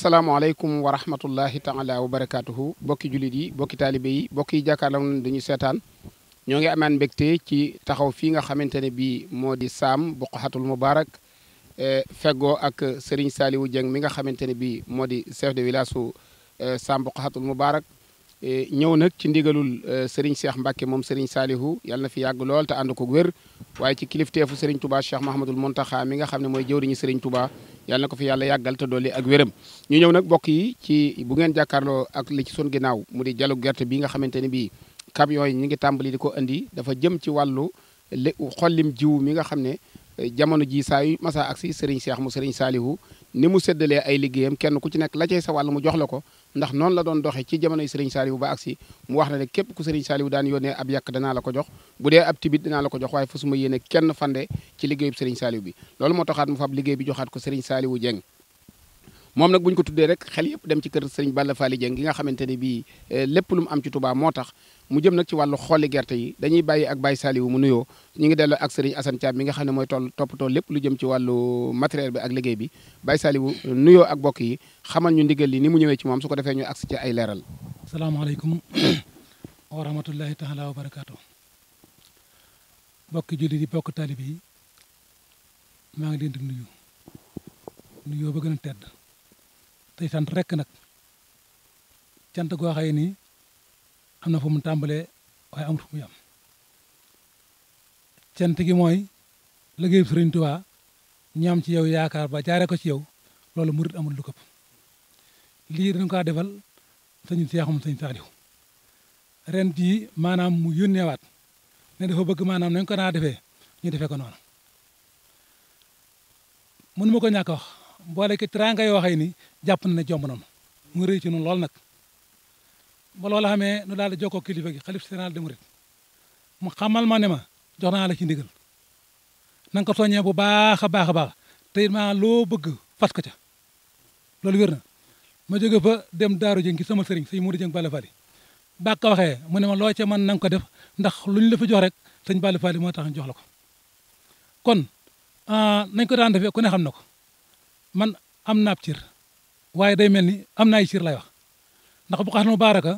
asalaamaaleykum wa rahmatullahi taala wa barakaatuhu bokki jullit yi bokki taalibe yi bokk yi jàkkaarloo nañ dañu seetaan ñoo ngi amaan mbégte ci taxaw fii nga xamante ne bii moo di saam buqaxatul mubaarak e, fego ak Serigne Saliou Dieng mi nga xamante ne bii moo di chef de village su e, saam buqaxatul mubaarak Eh, ñëw nag ci ndigalul eh, Serigne seex Mbacke moom Serigne Salihu yàlla fi yàgg lool te ànd ko wér waaye ci kilifteefu Serigne Touba Cheikh Mahamadul Montaxa mi nga xam ne mooy jëwriñu Serigne Touba tuba na ko fi yàlla yàggal te dolli ak wéram ñu ñëw nag bokk yi ci bu ngeen jàkkaarloo ak li ci sun ginnaaw mu di jalu gerte bi nga xamante ne bii camion yi ñu ngi tàmbali di ko andi dafa jëm ci wàllu xollim jiw mi nga xam ne jamono ji saa yu masa aksi sëriñ Cheikh mu sëriñ Saalihu ni mu séddalee ay liggéeyam kenn ku ci nekk la cay sa wàll mu jox la ko ndax noonu la doon doxee ci jamonoy sëriñ Saalihu ba aksi mu wax ne ne képp ku sëriñ Saalihu daan yónnee ab yàq danaa la ko jox bu dee ab tibit danaa la ko jox waaye fa suma yéene kenn fande ci liggéeyub sëriñ Saalihu bi loolu moo taxaat mu fab liggéey bi joxaat ko sëriñ Saalihu Jeng moom nag buñ ko tuddee rek xel yëpp dem ci kër sëriñ Balla Fally Dieng gi nga xamante ne bii eh, lépp lu mu am ci tubaab moo tax mu jëm nag ci wàllu xooli gerte yi dañuy bàyyi ak Baye Saliou mu nuyoo ñu ngi delloo ak sëriñ Assane Thiam mi nga xam ne mooy toll toppatoo lépp lu jëm ci wàllu matériel bi ak liggéey bi Baye Saliou nuyoo ak bokk yi xamal ñu ndigal li ni mu ñëwee ci moom su ko defee ñu agsi ci ay leeral salaamaaleykum wa rahmatullahi taala wa barakaatu bokki julli di bokk maa ngi di nuyu nuyoo ba gën tey sant rek nag cant goo xëy nii am na fu mu tàmbalee waaye amul fu mu yam cant gi mooy liggéey Sëriñ Tuubaa ñam ci yow yaakaar ba jaaree ko ci yow loolu mu amul lu këpp lii dañ ko defal sëñ Seexum sëñ Saaliw ren jii maanaam mu yónneewaat ne dafa bëgg maanaam nañ ko naa defee ñu defee ko noonu mënu ma ko ñàkk mboole ki teraanga yoo xëy ni jàpp na ne jomb na ma mu rëy ci noonu lool nag ba loolu xamee nu daal di jokkoo kilifa gi xalif général des mourides mu xamal ma ne ma jox naa la ci ndigal na nga ko soññee bu baax a baax a baax te ma loo bëgg fas ko ca loolu wér na ma jóge fa dem daaru jëng ci sama sëriñ sëñ Modou Jëng bala Fally ba ko waxee mu ne ma loo ca mën na ko def ndax lu ñu la jox rek sëñ Balla Fally moo tax ñu jox la ko kon ah, nañ ko daan defee ku ne xam na ko man am naab cir waaye day mel ni am na ay cir lay wax ndax bu xasee baaraka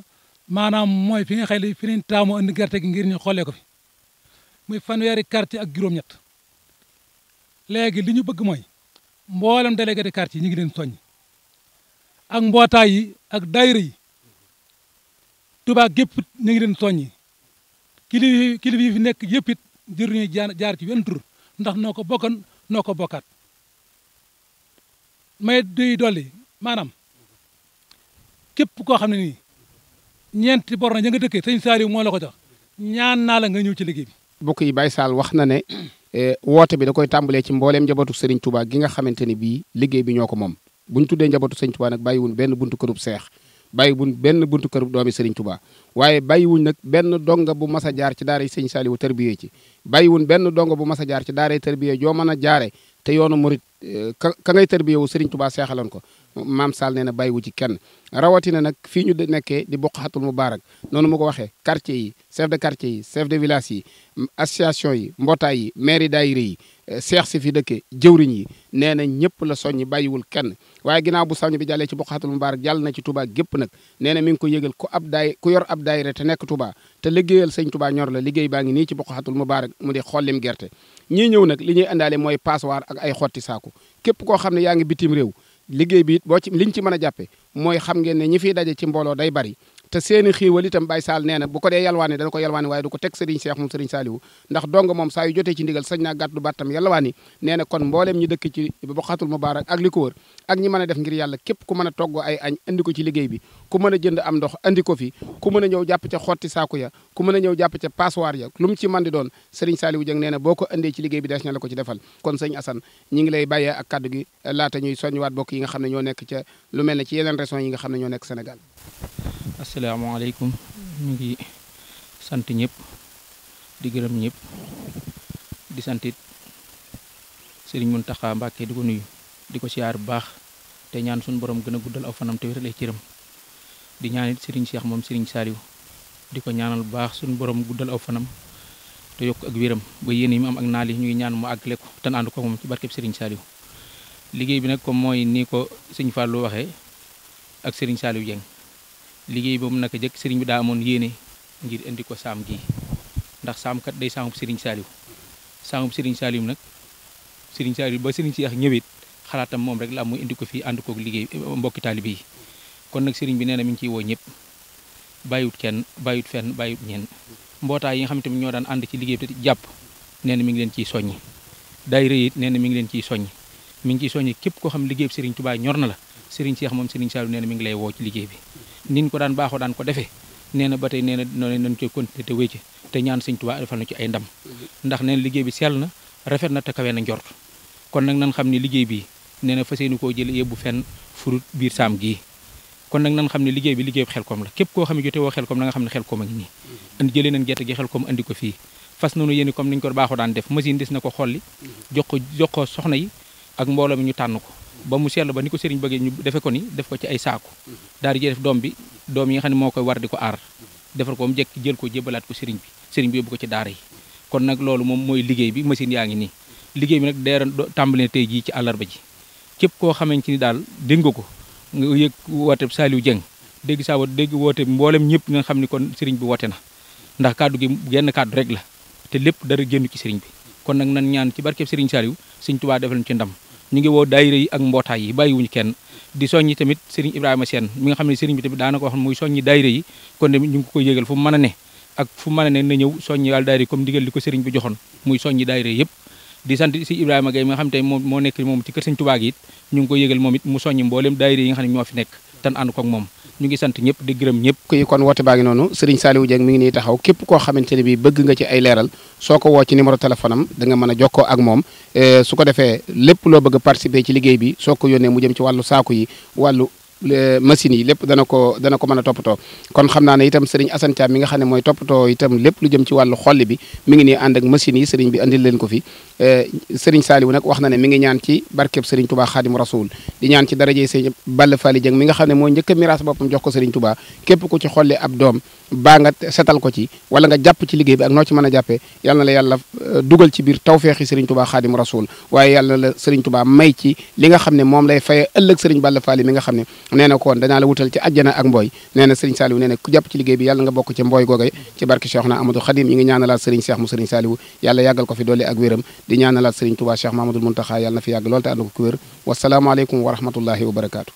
maanaam mooy fi nga xëy li fi ñu taamu indi gerte gi ngir ñu xoolee ko fi muy fanweeri quartier ak juróom-ñett léegi li ñu bëgg mooy mboolem délégué de quartier yi ñu ngi leen soññ ak mbootaay yi ak daayira yi Tuubaa gépp ñu ngi leen soññi kilifa kili fi nekk yëpp it ñuy jaar ci wenn tur ndax noo ko bokkan noo ko bokkaat may duy dolli maanaam képp koo xam ne nii ñeenti bor na ña nga dëkkee sëñ Saliou moo la ko jox ñaan naa la nga ñëw ci liggéey bi. mbokk yi Baye Sall wax na ne eh, woote bi da koy tàmbalee ci mbooleem njabootu sëriñ Touba gi nga xamante ni bii liggéey bi ñoo ko moom bu ñu tuddee njabootu Serigne Touba nag bàyyiwul benn buntu kërub seex bàyyiwul benn buntu kërub doomi Serigne Touba waaye bàyyiwuñ nag benn donga bu mas a jaar ci daara sëñ saali Saaliwu tarbiyee ci bàyyiwuñ benn donga bu mas a jaar ci daara tarbiyee joo mën a jaare te yoonu murit eh, ka ka ngay tarbiyee wu Sëriñ Tuubaa seexaloon ko maam Sall nee na bàyyiwu ci kenn rawatina nag fii ñu nekkee di Bokhatul Moubarak noonu mu ko waxee quartier yi chef de quartier yi chef de village yi association yi mbootaay yi maire yi daayira yi eh, seex si fi dëkke jëwriñ yi nee na ñëpp la soññi bàyyiwul kenn waaye ginnaaw bu soññ bi jàllee ci Bokhatul Moubarak jàll na ci Touba gépp nag nee na mi ngi ko yëgal ku ab daay ku yor ab ab daayira te nekk Touba te liggéeyal sëñ tubaa ñor la liggéey baa ngi nii ci Bokhatul Moubarak mu di xollim gerte ñii ñëw nag li ñuy indaale mooy passoire ak ay xotti saaku képp koo xam ne yaa ngi bitim réew liggéey bi boo ci liñ ci mën a jàppe mooy xam ngeen ne ñi fiy daje ci mbooloo day bari te seeni xiiwal itam Baye Sall nee na bu ko dee yalwaani dana ko yalwaani waaye du ko teg Serigne Cheikh moom Serigne Saliou ndax dong moom saa yu jotee ci ndigal sañ naa gàddu bàttam yalwaani nee na kon mbooleem ñi dëkk ci Bokhatul Moubarak ak li ak ñi mën a def ngir yàlla képp ku mën a togg ay añ andi ko ci liggéey bi ku mën a jënd am ndox andi ko fi ku mën a ñëw jàpp ca xotti saaku ya ku mën a ñëw jàpp ca passoir ya lu mu ci mën di doon Serigne Saliou nee na boo ko andee ci liggéey bi des na ko ci defal kon sëñ Assane ngi lay bàyyee ak kaddu gi laata ñuy soññiwaat bokk yi nga xam ne ñoo nekk ca lu mel ne ci yeneen régions yi nga xam ne ñoo nekk Sénégal asalaamaaleykum ñu ngi sant ñëpp di gërëm ñëpp di santit sëriñ Muntaxa Mbàkke di ko nuyu di ko siyaar bu baax te ñaan suñu borom gën a guddal aw fanam te wéral ay di ñaanit sëriñ Seex moom sëriñ Saaliw di ko ñaanal bu baax suñu borom guddal aw fanam te yokk ak wéram ba yéen yi mu am ak naal yi ñuy ñaan mu àggale ko te ànd moom ci barkeb sëriñ Saaliw liggéey bi nag comme mooy nii ko sëñ Fallou waxe ak sëriñ Saaliw Jeng liggéey boobu naka jëkk sëriñ bi daa amoon yéene ngir indi ko saam gi ndax saamkat day saamub sëriñ Saliou saamub sëriñ Saliou nag sëriñ Saliou ba sëriñ Cheikh ñëwit xalaatam moom rek la am indi ko fii ànd liggéey mbokki taalibe yi kon nag sëriñ bi nee na mi ngi ciy woo ñëpp bàyyiwut kenn bàyyiwut fenn bàyyiwut ñenn mbootaay yi nga xam te ñoo daan ànd ci liggéey bi jàpp nee na ngi leen ciy soññi daayira yi nee ngi leen ciy soññi mi ngi ciy soññi képp koo xam liggéey bi sëriñ ñor na la sëriñ Cheikh moom sëriñ Saliou nee na mi ngi lay woo ci liggéey bi niñ ko daan baaxoo daan ko defee nee na ba tey nee na noonu nañ koy continuer te wéy ci te ñaan sëñ Tuubaa defal na ci ay ndam ndax nee na liggéey bi seel na rafet na te kawe na njort kon nag nan xam ne liggéey bi nee na fas yéene koo jële yóbbu fenn furut biir saam gii kon nag nan xam ne liggéey bi liggéey xel koom la képp koo xam ne jote woo xel koom na xam ne xel koom a ngi nii andi jëlee nañ gerte gi xel koom andi ko fii fas nañu yéene comme niñ ko baaxoo daan def machine des na ko xolli jox ko jox ko soxna yi ak mbooloo mi ñu tànn ko ba mu seetlu ba ni ko sëriñ bëggee ñu defe ko ni def ko ci ay saaku daal di def doom bi doom yi nga xam ne moo koy war ko aar defar ko ba mu jël ko jébalaat ko sëriñ bi sëriñ bi yóbbu ko ci daara kon nag loolu moom mooy bi machine yaa ngi nii liggéey bi nag deeran tàmbalee tey jii ci àllarba ji képp koo xamante ni daal dégg nga ko nga yëg woote Saliou Dieng dégg saa wa dégg woote mboolem ñëpp nga xam ni kon sëriñ bi woote na ndax kàddu gi genn kàddu rek la te lépp dara génn ci sëriñ bi kon nag nan ñaan ci barkeb sëriñ Saliou sëriñ Tuubaa defal ñu ci ndam ñu ngi woo daayira yi ak mbootaay yi bàyyiwuñu kenn di soññi tamit sëriñ Ibrahima Sène mi nga xam ne sëriñ bi tamit daana ko wax muy soññi daayira yi kon tamit ñu ngi koy comme digal li ko sëriñ bi joxoon muy soññi daayira yëpp di sant si Ibrahima Gaye mi nga xam ne moom moo nekk moom ci kër sëriñ Tuubaa gi it ñu ngi ko yégal moom it mu soññi mbooleem daayira yi nga xam ne ñoo fi nekk tan ànd ko moom ñu ngi sant ñëpp di gërëm ñëpp kuy kon woote baa ngi noonu Serigne Saliou Dieng mi ngi nii taxaw képp koo xamante ne bi bëgg nga ci ay leeral soo ko woo ci numéro téléphone am mën a jokkoo ak moom eh, su ko defee lépp loo bëgg a participer ci liggéey bi soo ko yónnee mu jëm ci wàllu saaku yi wàllu machine yi lépp dana ko dana ko mën a toppatoo kon xam naa ne itam sëriñ Assane mi nga xam ne mooy toppatoo itam lépp lu jëm ci wàllu xolli bi mi ngi nii ànd ak machines yi sëriñ bi andil leen ko fi eh, sëriñ Saliou nag wax na ne mi ngi ñaan ci barkeb sëriñ Touba Xaadim Rasul ñaan ci darajey sëriñ Balla Fally Dieng mi nga xam ne mooy njëkk a miraas boppam jox ko sëriñ Touba képp ku ci xolli ab doom baa nga setal ko ci wala nga jàpp ci liggéey bi ak noo ci mën a jàppee yal na la yàlla eh, dugal ci biir tawfeexi sëriñ Touba Xaadim Rasul waaye yàlla la sëriñ Touba may ci li nga xam ne moom lay faye ëllëg sëriñ Balla Fally mi nga xam ne nee na koon danaa la wutal ci ajjana ak mbooy nee na sëriñ saaliwu nee na ku jàpp ci liggéey bi yàlla nga bokk ci mbooy googe ci barke Cheikh na Amadou Khadim ñi ñaanalaat sëriñ Cheikh mu sëriñ saaliwu yàlla yàggal ko fi doole ak wéram di ñaanalaat sëriñ Touba Cheikh Mamadou Muntaxa yàlla na fi yàgg te ànd ko ku wér wasalaamualeykum wa rahmatullahi wa barakaatu